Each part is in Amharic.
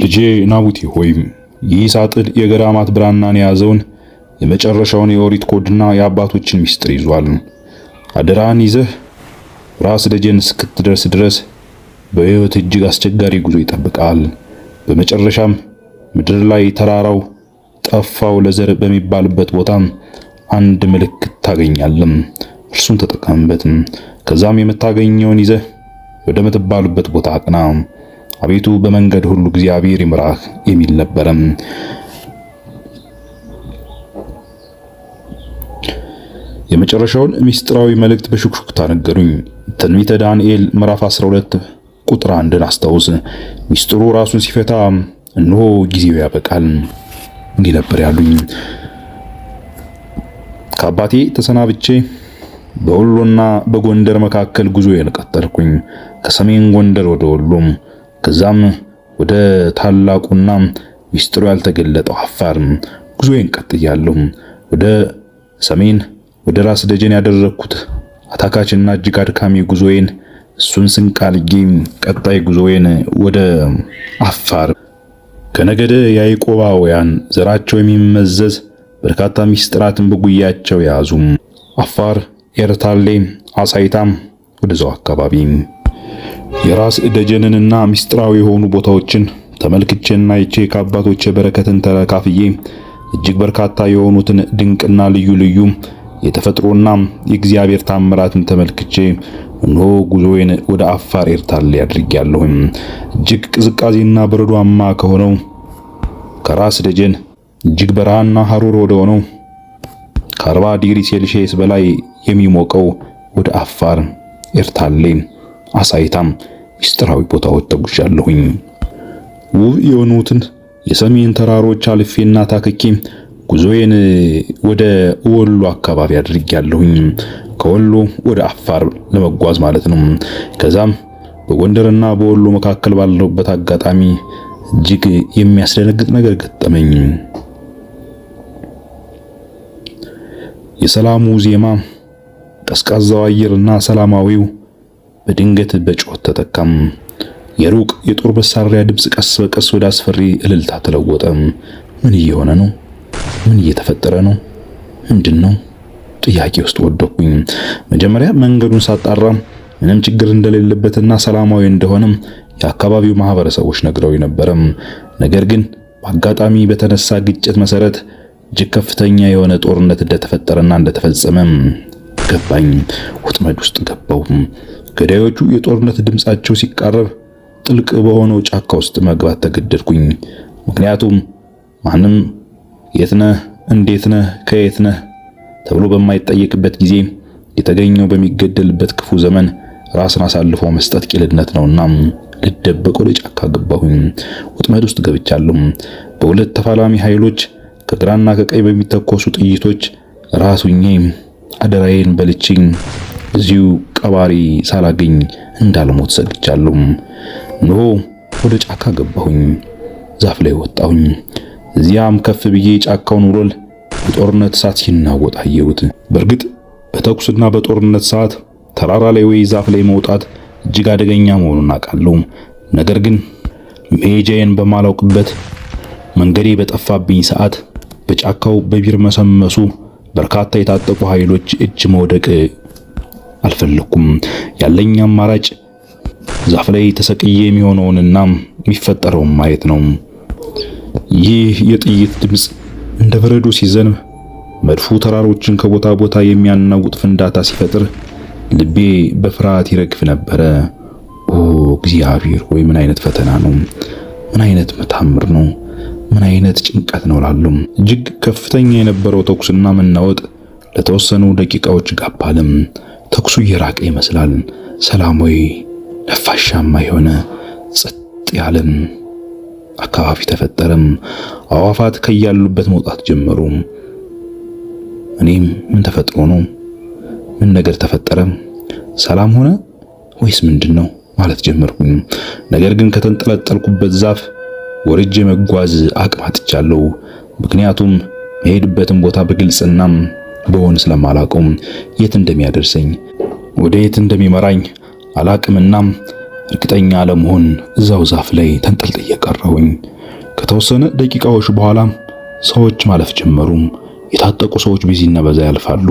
ልጄ ናቡቲ ሆይ ይህ ሳጥን የገዳማት ብራናን የያዘውን የመጨረሻውን የኦሪት ኮድና የአባቶችን ምስጢር ይዟል። አደራን ይዘህ ራስ ደጀን እስክትደርስ ድረስ በሕይወት እጅግ አስቸጋሪ ጉዞ ይጠብቃል። በመጨረሻም ምድር ላይ ተራራው ጠፋው ለዘር በሚባልበት ቦታ አንድ ምልክት ታገኛለም። እርሱን ተጠቀምበት። ከዛም የምታገኘውን ይዘህ ወደ ምትባሉበት ቦታ አቅና። አቤቱ በመንገድ ሁሉ እግዚአብሔር ይምራህ የሚል ነበረም። የመጨረሻውን ምስጢራዊ መልእክት በሹክሹክታ ነገሩኝ። ትንቢተ ዳንኤል ምዕራፍ 12 ቁጥር አንድን አስታውስ። ሚስጥሩ ራሱን ሲፈታ እነሆ ጊዜው ያበቃል እንዲህ ነበር ያሉኝ። ከአባቴ ተሰናብቼ በወሎና በጎንደር መካከል ጉዞ ቀጠልኩኝ። ከሰሜን ጎንደር ወደ ወሎም ከዛም ወደ ታላቁና ሚስጥሩ ያልተገለጠው አፋር ጉዞዬን ቀጥያለሁ። ወደ ሰሜን ወደ ራስ ደጀን ያደረኩት አታካችና እጅግ አድካሚ ጉዞዬን እሱን ስንቅ ቀጣይ ጉዞዬን ወደ አፋር ከነገደ ያዕቆባውያን ዘራቸው የሚመዘዝ በርካታ ሚስጥራትን በጉያቸው ያዙ። አፋር፣ ኤርታሌ፣ አሳይታም ወደዛው አካባቢ የራስ ደጀንንና ምስጢራዊ የሆኑ ቦታዎችን ተመልክቼና ይቼ ከአባቶቼ በረከትን ተካፍዬ እጅግ በርካታ የሆኑትን ድንቅና ልዩ ልዩ የተፈጥሮና የእግዚአብሔር ታምራትን ተመልክቼ እነሆ ጉዞዬን ወደ አፋር ኤርታሌ አድርጌያለሁ። እጅግ ቅዝቃዜና በረዷማ ከሆነው ከራስ ደጀን እጅግ በረሃና ሐሩር ወደ ሆነው ከአርባ ዲግሪ ሴልሺየስ በላይ የሚሞቀው ወደ አፋር ኤርታሌ አሳይታም ሚስጥራዊ ቦታዎች ተጉዣለሁኝ። ውብ የሆኑትን የሰሜን ተራሮች አልፌና ታክኬ ጉዞዬን ወደ ወሎ አካባቢ አድርጌያለሁኝ። ከወሎ ወደ አፋር ለመጓዝ ማለት ነው። ከዛም በጎንደርና በወሎ መካከል ባለሁበት አጋጣሚ እጅግ የሚያስደነግጥ ነገር ገጠመኝ። የሰላሙ ዜማ፣ ቀዝቃዛው አየርና ሰላማዊው በድንገት በጩኸት ተጠቃም። የሩቅ የጦር መሳሪያ ድምፅ ቀስ በቀስ ወደ አስፈሪ እልልታ ተለወጠ። ምን እየሆነ ነው? ምን እየተፈጠረ ነው? ምንድን ነው? ጥያቄ ውስጥ ወደኩኝ። መጀመሪያ መንገዱን ሳጣራ ምንም ችግር እንደሌለበትና ሰላማዊ እንደሆነም የአካባቢው ማህበረሰቦች ነግረው ነበረም። ነገር ግን በአጋጣሚ በተነሳ ግጭት መሰረት እጅግ ከፍተኛ የሆነ ጦርነት እንደተፈጠረና እንደተፈጸመ ገባኝ። ውጥመድ ውስጥ ገባው። ገዳዮቹ የጦርነት ድምፃቸው ሲቃረብ ጥልቅ በሆነው ጫካ ውስጥ መግባት ተገደድኩኝ። ምክንያቱም ማንም የትነ እንዴትነ እንዴት ነህ፣ ከየት ነህ ተብሎ በማይጠየቅበት ጊዜ የተገኘው በሚገደልበት ክፉ ዘመን ራስን አሳልፎ መስጠት ቂልነት ነውና ልደበቅ ወደ ጫካ ገባሁኝ። ወጥመድ ውስጥ ገብቻለሁ። በሁለት ተፋላሚ ኃይሎች ከግራና ከቀኝ በሚተኮሱ ጥይቶች ራሱኜ አደራዬን በልቼ እዚሁ ቀባሪ ሳላገኝ እንዳልሞት ሰግቻለሁ። ኖ ወደ ጫካ ገባሁኝ፣ ዛፍ ላይ ወጣሁኝ። እዚያም ከፍ ብዬ ጫካውን ውሎል የጦርነት ሰዓት ሲናወጥ አየሁት። በእርግጥ በተኩስና በጦርነት ሰዓት ተራራ ላይ ወይ ዛፍ ላይ መውጣት እጅግ አደገኛ መሆኑን አውቃለሁ። ነገር ግን መሄጃዬን በማላውቅበት መንገዴ በጠፋብኝ ሰዓት በጫካው በቢር መሰመሱ በርካታ የታጠቁ ኃይሎች እጅ መውደቅ አልፈለኩም። ያለኝ አማራጭ ዛፍ ላይ ተሰቅዬ የሚሆነውንና የሚፈጠረውን ማየት ነው። ይህ የጥይት ድምፅ እንደ በረዶ ሲዘንብ መድፉ ተራሮችን ከቦታ ቦታ የሚያናውጥ ፍንዳታ ሲፈጥር ልቤ በፍርሃት ይረግፍ ነበረ። ኦ እግዚአብሔር ወይ ምን አይነት ፈተና ነው! ምን አይነት መታምር ነው! ምን አይነት ጭንቀት ነው ላሉ እጅግ ከፍተኛ የነበረው ተኩስና መናወጥ ለተወሰኑ ደቂቃዎች ጋብ አለም። ተኩሱ እየራቀ ይመስላል። ሰላማዊ ነፋሻማ የሆነ ጸጥ ያለም አካባቢ ተፈጠረም። አዋፋት ከያሉበት መውጣት ጀመሩ። እኔም ምን ተፈጥሮ ነው? ምን ነገር ተፈጠረ? ሰላም ሆነ ወይስ ምንድን ነው ማለት ጀመርኩኝ። ነገር ግን ከተንጠለጠልኩበት ዛፍ ወርጄ መጓዝ አቅም አጥቻለሁ። ምክንያቱም መሄድበትን ቦታ በግልጽና በሆን ስለማላቀውም የት እንደሚያደርሰኝ ወደ የት እንደሚመራኝ አላቅምና እርግጠኛ ለመሆን እዛው ዛፍ ላይ ተንጠልጥዬ ቀረሁኝ። ከተወሰነ ደቂቃዎች በኋላ ሰዎች ማለፍ ጀመሩ። የታጠቁ ሰዎች ቢዚና በዛ ያልፋሉ።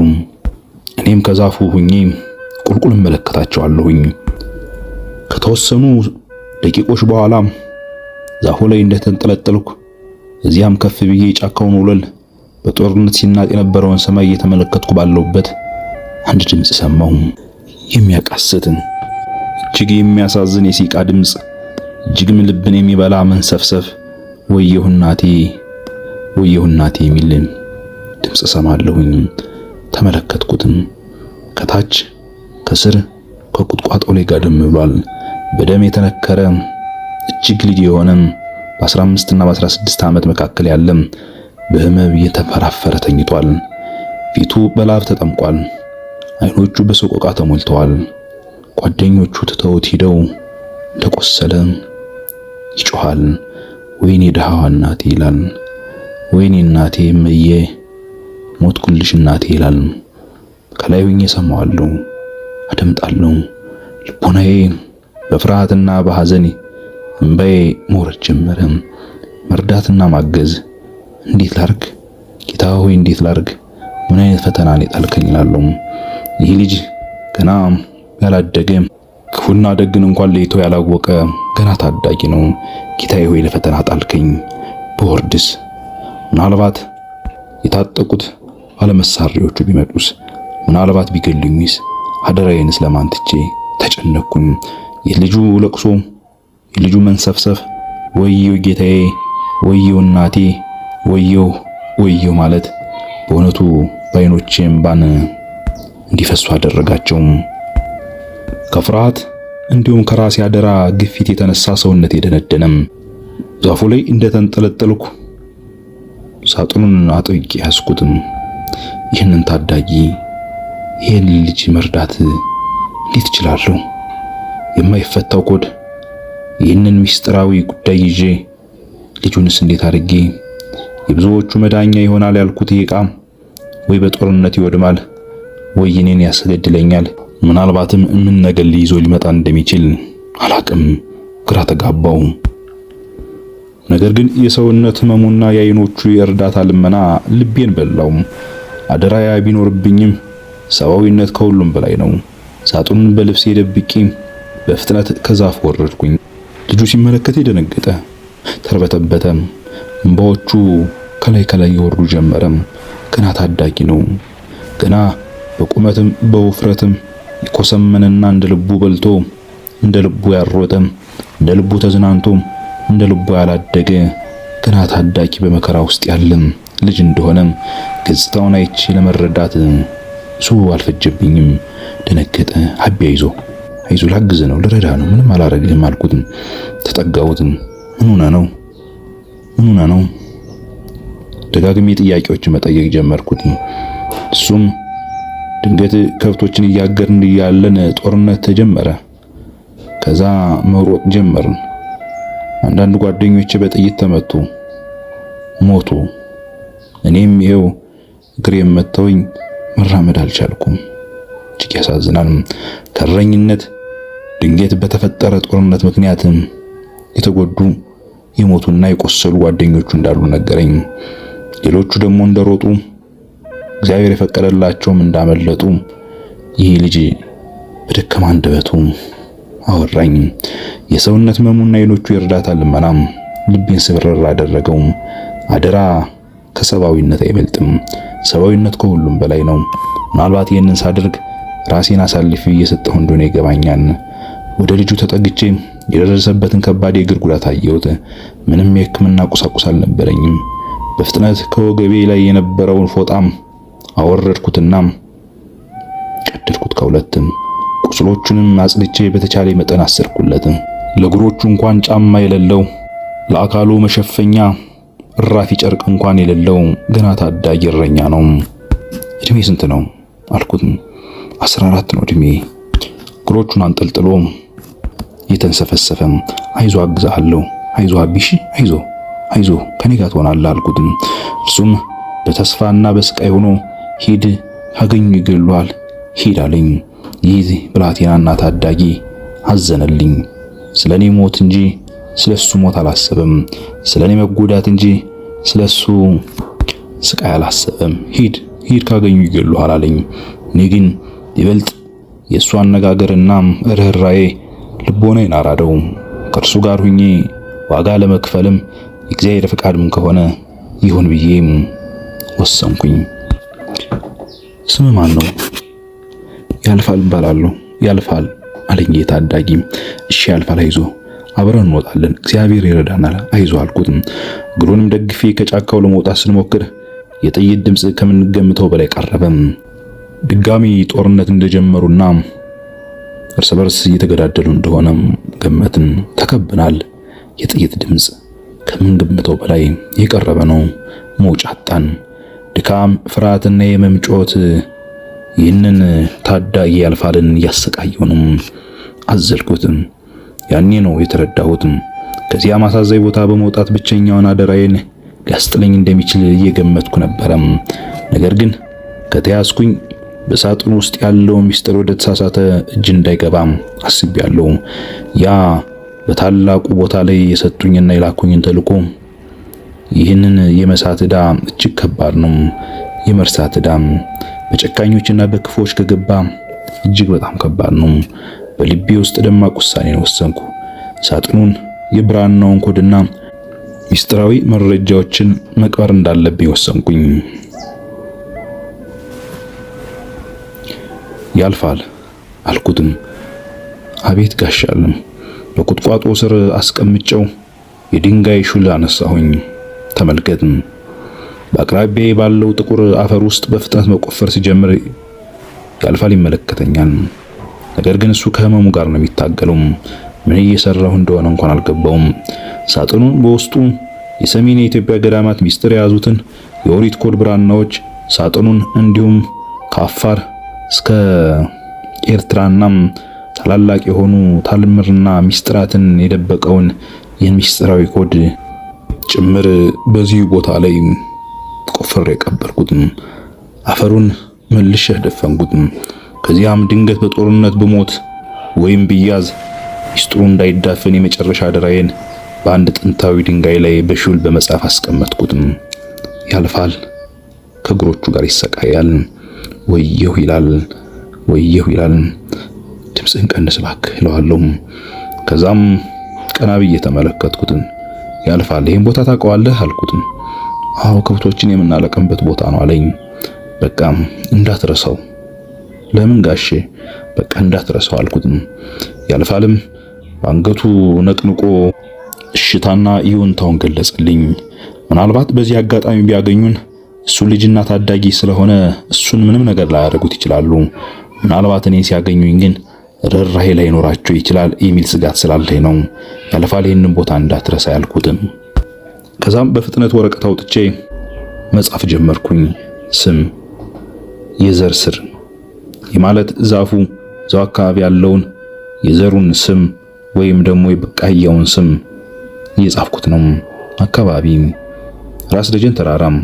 እኔም ከዛፉ ሁኜ ቁልቁል እመለከታቸዋለሁኝ። ከተወሰኑ ደቂቆች በኋላ ዛፉ ላይ እንደተንጠለጠልኩ እዚያም ከፍ ብዬ ጫካውን ወለል በጦርነት ሲናጥ የነበረውን ሰማይ እየተመለከትኩ ባለሁበት አንድ ድምፅ ሰማሁ። የሚያቃስትን እጅግ የሚያሳዝን የሲቃ ድምፅ፣ እጅግም ልብን የሚበላ መንሰፍሰፍ ወየሁ እናቴ ወየሁ እናቴ የሚል ድምፅ ሰማለሁኝ። ተመለከትኩትም። ከታች ከስር ከቁጥቋጦው ላይ ጋደም ብሏል። በደም የተነከረ እጅግ ልጅ የሆነ በ15 እና በ16 ዓመት መካከል ያለም። በህመም እየተፈራፈረ ተኝቷል። ፊቱ በላብ ተጠምቋል። አይኖቹ በሰቆቃ ተሞልተዋል። ጓደኞቹ ትተውት ሂደው እንደቆሰለ ይጮሃል። ወይኔ ድሃዋ እናቴ ይላል። ወይኔ እናቴ እምዬ ሞትኩልሽ እናቴ ይላል። ከላይ ሆኜ እሰማዋለሁ፣ አደምጣለሁ። ልቦናዬ በፍርሃትና በሐዘን እምባዬ መውረድ ጀመረ። መርዳትና ማገዝ እንዴት ላርግ? ጌታ ሆይ እንዴት ላርግ? ምን አይነት ፈተና ነው ጣልከኝ እላለሁ። ይህ ልጅ ገና ያላደገ ክፉና ደግን እንኳን ለይቶ ያላወቀ ገና ታዳጊ ነው። ጌታ ሆይ ለፈተና ጣልከኝ። በወርድስ ምናልባት የታጠቁት ባለመሳሪያዎቹ ቢመጡስ? ምናልባት ቢገሉኝስ? አደራዬንስ ለማን ትቼ ተጨነኩኝ። የልጁ ለቅሶ የልጁ መንሰፍሰፍ ወየው ጌታዬ፣ ወየው እናቴ ወየው ወየው ማለት በእውነቱ በዓይኖቼ እምባን እንዲፈሱ አደረጋቸው። ከፍርሃት እንዲሁም ከራሴ አደራ ግፊት የተነሳ ሰውነት የደነደነም ዛፉ ላይ እንደተንጠለጠልኩ ሳጥኑን አጥብቄ ያስኩትም። ይህንን ታዳጊ ይህን ልጅ መርዳት እንዴት እችላለሁ? የማይፈታው ኮድ። ይህንን ምስጢራዊ ጉዳይ ይዤ ልጁንስ እንዴት አድርጌ የብዙዎቹ መዳኛ ይሆናል ያልኩት ይህ ዕቃ ወይ በጦርነት ይወድማል ወይ እኔን ያስገድለኛል። ምናልባትም ምን ነገር ሊይዞ ሊመጣ እንደሚችል አላቅም። ግራ ተጋባው። ነገር ግን የሰውነት ህመሙና የአይኖቹ የእርዳታ ልመና ልቤን በላው። አደራያ ቢኖርብኝም ሰብአዊነት ከሁሉም በላይ ነው። ሳጡን በልብስ የደብቂ በፍጥነት ከዛፍ ወረድኩኝ። ልጁ ሲመለከት የደነገጠ ተርበተበተ። እንባዎቹ ከላይ ከላይ ይወርዱ ጀመረም። ገና ታዳጊ ነው። ገና በቁመትም በውፍረትም የኮሰመነና እንደ ልቡ በልቶ እንደ ልቡ ያልሮጠ እንደ ልቡ ተዝናንቶ እንደ ልቡ ያላደገ ገና ታዳጊ በመከራ ውስጥ ያለም ልጅ እንደሆነ ገጽታውን አይቼ ለመረዳት እሱ አልፈጀብኝም። ደነገጠ። ሀቢ ይዞ አይዞ ላግዝ ነው ልረዳ ነው ምንም አላረግህም አልኩት። ተጠጋሁትም ምን ሆነ ነው ምኑና ነው? ደጋግሜ ጥያቄዎችን መጠየቅ ጀመርኩት። እሱም ድንገት ከብቶችን እያገድን ያለን ጦርነት ተጀመረ። ከዛ መሮጥ ጀመርን። አንዳንድ ጓደኞቼ በጥይት ተመቱ፣ ሞቱ። እኔም ይኸው እግሬም መተውኝ መራመድ አልቻልኩም። እጅግ ያሳዝናል። ከረኝነት ድንገት በተፈጠረ ጦርነት ምክንያት የተጎዱ የሞቱና የቆሰሉ ጓደኞቹ እንዳሉ ነገረኝ። ሌሎቹ ደግሞ እንደሮጡ እግዚአብሔር የፈቀደላቸውም እንዳመለጡ ይህ ልጅ በደከማ አንደበቱ አወራኝ። የሰውነት መሙና ሌሎቹ የእርዳታ ልመናም ልቤን ስብርር አደረገው። አደራ ከሰብአዊነት አይበልጥም። ሰብአዊነት ከሁሉም በላይ ነው። ምናልባት ይህንን ሳደርግ ራሴን አሳልፌ እየሰጠሁ እንደሆነ ይገባኛል። ወደ ልጁ ተጠግቼ የደረሰበትን ከባድ የእግር ጉዳት አየሁት። ምንም የሕክምና ቁሳቁስ አልነበረኝም። በፍጥነት ከወገቤ ላይ የነበረውን ፎጣም አወረድኩትና ቀደድኩት ከሁለትም። ቁስሎቹንም አጽድቼ በተቻለ መጠን አሰርኩለት። ለእግሮቹ እንኳን ጫማ የሌለው ለአካሉ መሸፈኛ እራፊ ጨርቅ እንኳን የሌለው ገና ታዳጊ እረኛ ነው። እድሜ ስንት ነው አልኩት። አስራ አራት ነው እድሜ። እግሮቹን አንጠልጥሎ እየተንሰፈሰፈም አይዞ አግዛሃለሁ፣ አይዞ አቢሺ፣ አይዞ አይዞ ከኔ ጋር ትሆናለህ አልኩትም። እርሱም በተስፋና በስቃይ ሆኖ ሂድ ካገኙ ይገሏል፣ ሂድ አለኝ። ይህ ብላቴናና ታዳጊ አዘነልኝ። ስለኔ ሞት እንጂ ስለሱ ሞት አላሰበም። ስለኔ መጎዳት እንጂ ስለሱ ስቃይ አላሰበም። ሂድ ሂድ ካገኙ ይገሉሃል አለኝ። እኔ ግን ይበልጥ የእሱ አነጋገርና ርኅራዬ ልቦናዬን አራደው። ከእርሱ ጋር ሁኜ ዋጋ ለመክፈልም የእግዚአብሔር ፈቃድም ከሆነ ይሁን ብዬም ወሰንኩኝ። ስም ማን ነው? ያልፋል እባላለሁ። ያልፋል አለኝ ታዳጊ። እሺ ያልፋል፣ አይዞ አብረን እንወጣለን፣ እግዚአብሔር ይረዳናል፣ አይዞ አልኩት። እግሩንም ደግፌ ከጫካው ለመውጣት ስንሞክር የጥይት ድምፅ ከምንገምተው በላይ ቀረበም። ድጋሚ ጦርነት እንደጀመሩና እርስ በርስ እየተገዳደሉ እንደሆነም ገመትን። ተከብናል። የጥይት ድምፅ ከምንገምተው በላይ የቀረበ ነው። መውጫ አጣን። ድካም፣ ፍርሃትና የመምጮት ይህንን ታዳጊ ያልፋልን እያሰቃየው አዘልኩትም። ያኔ ነው የተረዳሁትም። ከዚያ ማሳዘኝ ቦታ በመውጣት ብቸኛውን አደራዬን ሊያስጥለኝ እንደሚችል እየገመትኩ ነበረም። ነገር ግን ከተያዝኩኝ በሳጥኑ ውስጥ ያለው ሚስጥር ወደ ተሳሳተ እጅ እንዳይገባም አስቤያለሁ። ያ በታላቁ ቦታ ላይ የሰጡኝና የላኩኝን ተልእኮ ይህንን የመሳት ዕዳ እጅግ ከባድ ነው። የመርሳት ዕዳም በጨካኞችና በክፎች ከገባ እጅግ በጣም ከባድ ነው። በልቤ ውስጥ ደማቅ ነው ወሰንኩ። ሳጥኑን፣ የብራናውን ኮድና ሚስጥራዊ መረጃዎችን መቅበር እንዳለብኝ ወሰንኩኝ። ያልፋል አልኩትም። አቤት ጋሻለም በቁጥቋጦ ስር አስቀምጨው የድንጋይ ሹል አነሳሁኝ። ተመልከትም በአቅራቢያዬ ባለው ጥቁር አፈር ውስጥ በፍጥነት መቆፈር ሲጀምር ያልፋል፣ ይመለከተኛል። ነገር ግን እሱ ከህመሙ ጋር ነው የሚታገለው። ምን እየሰራሁ እንደሆነ እንኳን አልገባውም። ሳጥኑን በውስጡ የሰሜን የኢትዮጵያ ገዳማት ሚስጥር የያዙትን የኦሪት ኮድ ብራናዎች፣ ሳጥኑን እንዲሁም ከአፋር እስከ ኤርትራናም ታላላቅ የሆኑ ታልምርና ሚስጥራትን የደበቀውን የሚስጥራዊ ኮድ ጭምር በዚሁ ቦታ ላይ ቆፍሬ የቀበርኩትም አፈሩን መልሼ ደፈንኩትም። ከዚያም ድንገት በጦርነት ብሞት ወይም ብያዝ ሚስጥሩ እንዳይዳፈን የመጨረሻ ድራዬን በአንድ ጥንታዊ ድንጋይ ላይ በሹል በመጻፍ አስቀመጥኩትም። ያልፋል፣ ከእግሮቹ ጋር ይሰቃያል። ወየሁ ይላል፣ ወየሁ ይላል። ድምፅን ቀንስ እባክህ እለዋለሁ። ከዛም ቀና ብዬ ተመለከትኩትን። ያልፋል ይህም ቦታ ታውቀዋለህ አልኩትም። አዎ ከብቶችን የምናለቅምበት ቦታ ነው አለኝ። በቃም እንዳትረሳው። ለምን ጋሼ? በቃ እንዳትረሳው አልኩትም። ያልፋልም አንገቱ ነቅንቆ እሽታና ይሁንታውን ገለጸልኝ። ምናልባት በዚህ አጋጣሚ ቢያገኙን እሱ ልጅና ታዳጊ ስለሆነ እሱን ምንም ነገር ላያደርጉት ይችላሉ። ምናልባት እኔ ሲያገኙኝ ግን ርኅራኄ ላይኖራቸው ይችላል የሚል ስጋት ስላለኝ ነው። ያለፋል ይህንን ቦታ እንዳትረሳ ያልኩትም። ከዛም በፍጥነት ወረቀት አውጥቼ መጻፍ ጀመርኩኝ። ስም፣ የዘር ስር የማለት ዛፉ እዛው አካባቢ ያለውን የዘሩን ስም ወይም ደግሞ የቃየውን ስም እየጻፍኩት ነው። አካባቢ ራስ ደጀን ተራራም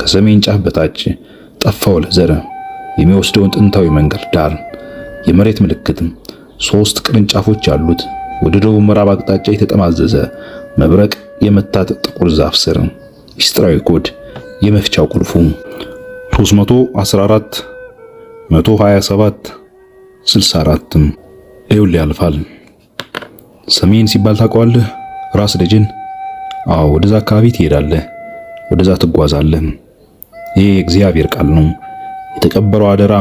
ከሰሜን ጫፍ በታች ጠፋው ለዘረ የሚወስደውን ጥንታዊ መንገድ ዳር የመሬት ምልክት ሶስት ቅርንጫፎች ያሉት ወደ ደቡብ ምዕራብ አቅጣጫ የተጠማዘዘ መብረቅ የመታት ጥቁር ዛፍ ስር ሚስጥራዊ ኮድ የመፍቻው ቁልፉ 314 127 64 ኤውል ያልፋል። ሰሜን ሲባል ታውቀዋለህ? ራስ ደጀን። አዎ፣ ወደዛ አካባቢ ትሄዳለህ፣ ወደዛ ትጓዛለህ። ይህ የእግዚአብሔር ቃል ነው። የተቀበረው አደራ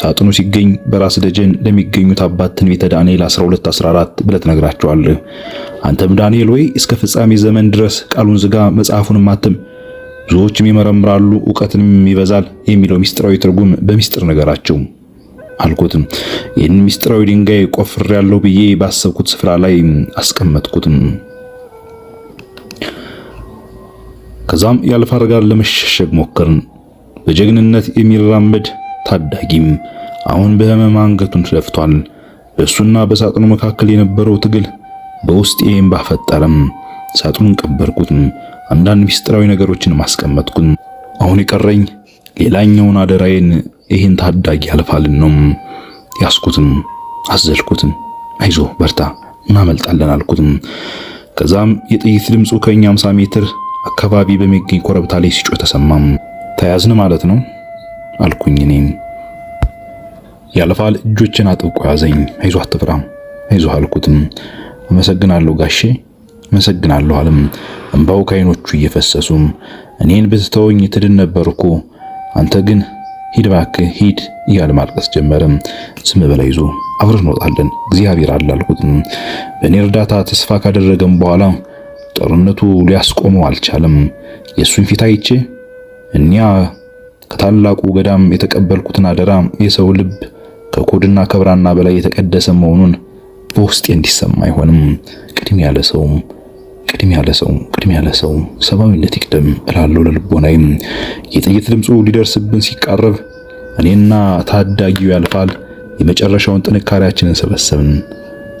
ሳጥኑ ሲገኝ በራስ ደጀን ለሚገኙት አባት ትንቢተ ዳንኤል 14 ብለህ ትነግራቸዋለህ። አንተም ዳንኤል ወይ እስከ ፍጻሜ ዘመን ድረስ ቃሉን ዝጋ፣ መጽሐፉን ማትም ብዙዎችም ይመረምራሉ፣ እውቀትንም ይበዛል የሚለው ሚስጥራዊ ትርጉም በሚስጥር ነገራቸው አልኩትም። ይህን ምስጢራዊ ድንጋይ ቆፍሬያለሁ ብዬ ባሰብኩት ስፍራ ላይ አስቀመጥኩትም። ከዛም ያልፋር ጋር ለመሸሸግ ሞከርን። በጀግንነት የሚራመድ ታዳጊም አሁን በህመም አንገቱን ደፍቷል። በእሱና በሳጥኑ መካከል የነበረው ትግል በውስጤም ባፈጠረም። ሳጥኑን ቀበርኩትም፣ አንዳንድ ሚስጥራዊ ነገሮችን ማስቀመጥኩት። አሁን የቀረኝ ሌላኛውን አደራዬን ይህን ታዳጊ ያልፋልን ነው። ያስኩትም፣ አዘልኩትም፣ አይዞ በርታ እናመልጣለን አልኩትም። ከዛም የጥይት ድምፁ ከኛ 50 ሜትር አካባቢ በሚገኝ ኮረብታ ላይ ሲጮህ ተሰማም። ተያዝን ማለት ነው አልኩኝ። እኔም ያለፋል። እጆችን አጥብቆ ያዘኝ። አይዞህ አትፍራ፣ አይዞህ አልኩትም። አመሰግናለሁ ጋሼ አመሰግናለሁ አለም፣ እምባው ከአይኖቹ እየፈሰሱም። እኔን ብትተወኝ ትድን ነበርኩ፣ አንተ ግን ሂድ እባክህ ሂድ እያለ ማልቀስ ጀመረም። ስም በላ ይዞ አብረን እንወጣለን እግዚአብሔር አለ አልኩትም። በእኔ እርዳታ ተስፋ ካደረገም በኋላ ጦርነቱ ሊያስቆመው አልቻለም። የእሱን ፊት አይቼ እኒያ ከታላቁ ገዳም የተቀበልኩትን አደራ የሰው ልብ ከኮድና ከብራና በላይ የተቀደሰ መሆኑን በውስጤ እንዲሰማ አይሆንም። ቅድም ያለ ሰው ቅድም ያለ ሰው ቅድም ያለ ሰው ሰብአዊነት ይቅደም እላለሁ ለልቦናዬም። የጥይት ድምፁ ሊደርስብን ሲቃረብ እኔና ታዳጊው ያልፋል የመጨረሻውን ጥንካሬያችንን ሰበሰብን።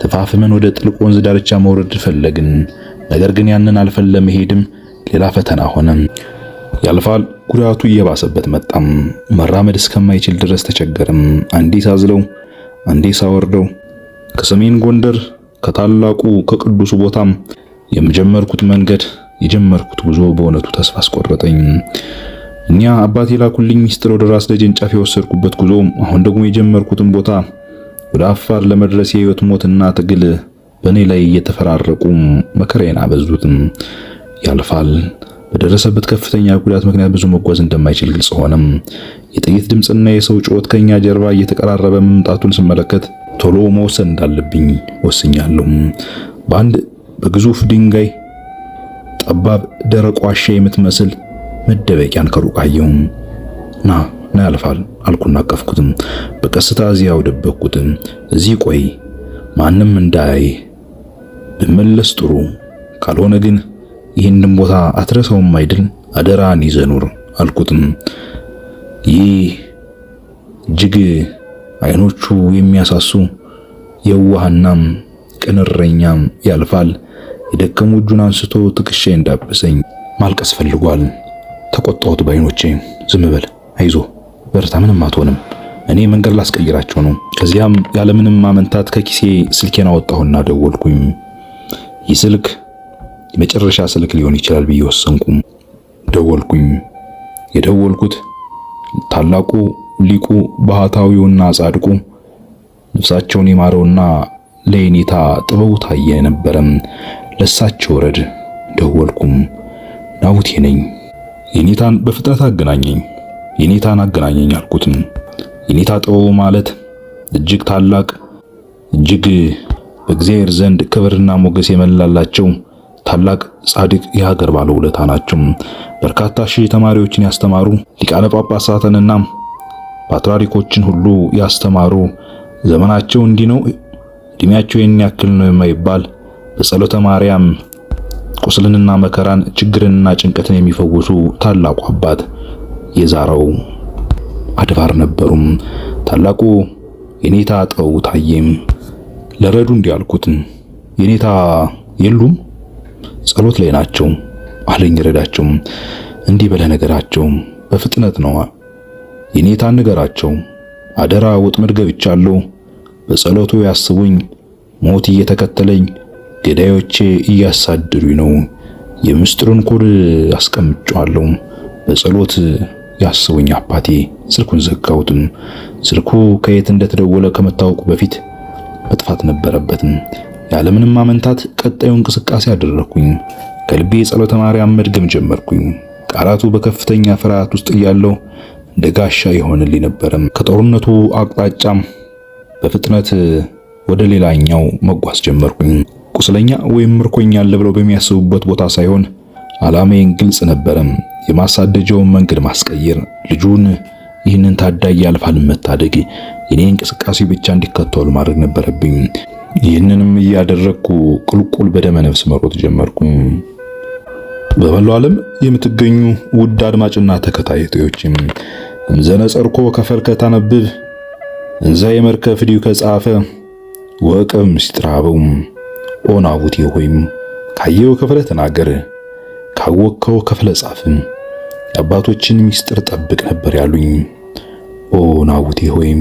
ተፋፍመን ወደ ጥልቅ ወንዝ ዳርቻ መውረድ ፈለግን። ነገር ግን ያንን አልፈን ለመሄድም ሌላ ፈተና ሆነ። ያልፋል ጉዳቱ እየባሰበት መጣም። መራመድ እስከማይችል ድረስ ተቸገርም። አንዴ ሳዝለው፣ አንዴ ሳወርደው ከሰሜን ጎንደር ከታላቁ ከቅዱሱ ቦታም የመጀመርኩት መንገድ የጀመርኩት ጉዞ በእውነቱ ተስፋ አስቆረጠኝ። እኛ አባቴ ላኩልኝ ሚስጥር ወደ ራስ ደጀን ጫፍ የወሰድኩበት ጉዞ አሁን ደግሞ የጀመርኩትን ቦታ ወደ አፋር ለመድረስ የህይወት ሞትና ትግል በእኔ ላይ እየተፈራረቁ መከራዬን አበዙትም። ያልፋል በደረሰበት ከፍተኛ ጉዳት ምክንያት ብዙ መጓዝ እንደማይችል ግልጽ ሆነም። የጥይት ድምፅና የሰው ጩኸት ከኛ ጀርባ እየተቀራረበ መምጣቱን ስመለከት ቶሎ መወሰን እንዳለብኝ ወስኛለሁ። በአንድ በግዙፍ ድንጋይ ጠባብ ደረቅ ዋሻ የምትመስል መደበቂያን ከሩቅ አየሁ። ና ና ያልፋል አልኩና አቀፍኩትም። በቀስታ እዚያው ደበቅኩትም። እዚህ ቆይ ማንም እንዳያይ ብመለስ ጥሩ፣ ካልሆነ ግን ይህንን ቦታ አትረሰውም አይደል? አደራን ይዘኑር አልኩትም። ይህ እጅግ አይኖቹ የሚያሳሱ የዋህናም ቅንረኛም ያልፋል የደከሙ እጁን አንስቶ ትከሻ እንዳበሰኝ ማልቀስ ፈልጓል። ተቆጣሁት በአይኖቼ። ዝም በል አይዞ፣ በርታ፣ ምንም አትሆንም። እኔ መንገድ ላስቀይራቸው ነው። ከዚያም ያለምንም ማመንታት ከኪሴ ስልኬን አወጣሁና ደወልኩኝ። ይህ ስልክ የመጨረሻ ስልክ ሊሆን ይችላል ብዬ ወሰንኩም። ደወልኩኝ። የደወልኩት ታላቁ ሊቁ ባህታዊውና ጻድቁ ነፍሳቸውን የማረውና ለየኔታ ጥበቡ ታየ ነበረም ለሳቸው ረድ ደወልኩም። ናቡቴ ነኝ። የኔታን በፍጥነት አገናኘኝ። የኔታን አገናኘኝ አልኩትም። የኔታ ጥበቡ ማለት እጅግ ታላቅ እጅግ በእግዚአብሔር ዘንድ ክብርና ሞገስ የመላላቸው ታላቅ ጻድቅ የሀገር ባለውለታ ናቸው። በርካታ ሺህ ተማሪዎችን ያስተማሩ ሊቃነ ጳጳሳትንና ፓትርያርኮችን ሁሉ ያስተማሩ ዘመናቸው እንዲህ ነው፣ እድሜያቸው ይህን ያክል ነው የማይባል በጸሎተ ማርያም ቁስልንና መከራን ችግርንና ጭንቀትን የሚፈውሱ ታላቁ አባት የዛራው አድባር ነበሩም። ታላቁ የኔታ አጥበው ታዬም ለረዱ እንዲያልኩት የኔታ የሉም ጸሎት ላይ ናቸው አለኝ። ረዳቸው እንዲህ በለ ነገራቸው በፍጥነት ነው የኔታ ነገራቸው አደራ ወጥመድ ገብቻለሁ። በጸሎቱ ያስቡኝ። ሞት እየተከተለኝ ገዳዮቼ እያሳደዱኝ ነው። የምስጢሩን ኮድ አስቀምጫለሁ። በጸሎት ያስቡኝ አባቴ። ስልኩን ዘጋሁትም። ስልኩ ከየት እንደተደወለ ከመታወቁ በፊት መጥፋት ነበረበትም። ያለምንም ማመንታት ቀጣዩ እንቅስቃሴ አደረኩኝ። ከልቤ የጸሎተ ማርያም መድገም ጀመርኩኝ። ቃላቱ በከፍተኛ ፍርሃት ውስጥ እያለው እንደ ጋሻ ይሆንልኝ ነበረም። ከጦርነቱ አቅጣጫም በፍጥነት ወደ ሌላኛው መጓዝ ጀመርኩኝ። ቁስለኛ ወይም ምርኮኛ አለ ብለው በሚያስቡበት ቦታ ሳይሆን ዓላማዬን ግልጽ ነበረም። የማሳደጀውን መንገድ ማስቀየር ልጁን ይህንን ታዳጊ ያልፋል መታደግ የኔ እንቅስቃሴ ብቻ እንዲከተሉ ማድረግ ነበረብኝ። ይህንንም እያደረግኩ ቁልቁል በደመ ነፍስ መሮጥ ጀመርኩ። በመላው ዓለም የምትገኙ ውድ አድማጭና ተከታታዮችም እምዘነጸርኮ ከፈልከ ታነብብ እንዘ የመርከብ ፍዲው ከጻፈ ወቀም ሲጥራበው ኦናቡቴ ሆይም ካየው ከፈለ ተናገር ካወከው ከፈለ ጻፍም አባቶችን ሚስጥር ጠብቅ ነበር ያሉኝ። ኦ ናውቴ ሆይም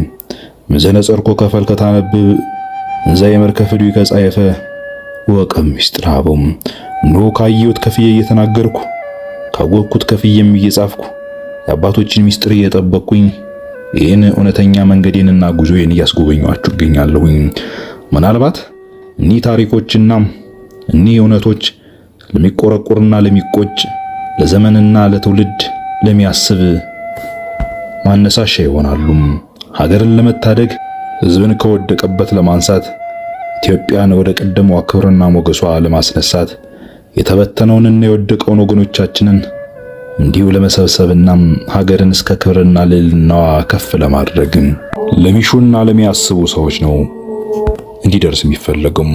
ምዘነ ጸርቆ ከፈል ከታነብብ እንዘ የመርከፍዱ ከጻየፈ ወቀም ምስጥራቦም ኖ ካየሁት ከፍዬ እየተናገርኩ ካወቅኩት ከፍዬም እየጻፍኩ የአባቶችን ምስጢር እየጠበቅኩኝ ይህን እውነተኛ መንገዴንና ጉዞዬን እያስጎበኘኋችሁ እገኛለሁኝ። ምናልባት እኒህ ታሪኮችና እኒህ እውነቶች ለሚቆረቆርና ለሚቆጭ ለዘመንና ለትውልድ ለሚያስብ ማነሳሻ ይሆናሉ። ሀገርን ለመታደግ ህዝብን ከወደቀበት ለማንሳት ኢትዮጵያን ወደ ቀደመው ክብርና ሞገሷ ለማስነሳት የተበተነውንና የወደቀውን ወገኖቻችንን እንዲሁ ለመሰብሰብና ሀገርን እስከ ክብርና ልዕልናዋ ከፍ ለማድረግ ለሚሹና ለሚያስቡ ሰዎች ነው እንዲደርስ የሚፈለገው።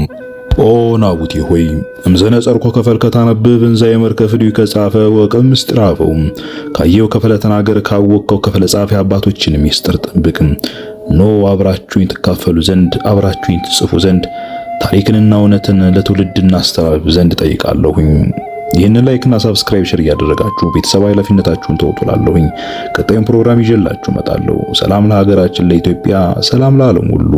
ኦ ናቡቴ ሆይ እምዘነ ጸርኮ ከፈል ከታነብ እንዛይ መርከፍዱ ከጻፈ ወቀም ምስጢራፈው ካየው ከፈለ ተናገር ካወቀው ከፈለ ጻፈ አባቶችን ምስጢር ጠብቅ ኖ አብራችሁኝ ትካፈሉ ዘንድ አብራችሁኝ ትጽፉ ዘንድ ታሪክንና እውነትን ለትውልድ እናስተላልፍ ዘንድ ጠይቃለሁኝ። ይህንን ላይክና ሳብስክራይብ ሼር እያደረጋችሁ ቤተሰብ ኃላፊነታችሁን ተወጡላለሁኝ። ቀጣዩን ፕሮግራም ይዤላችሁ እመጣለሁ። ሰላም ለሀገራችን ለኢትዮጵያ፣ ሰላም ለዓለም ሁሉ።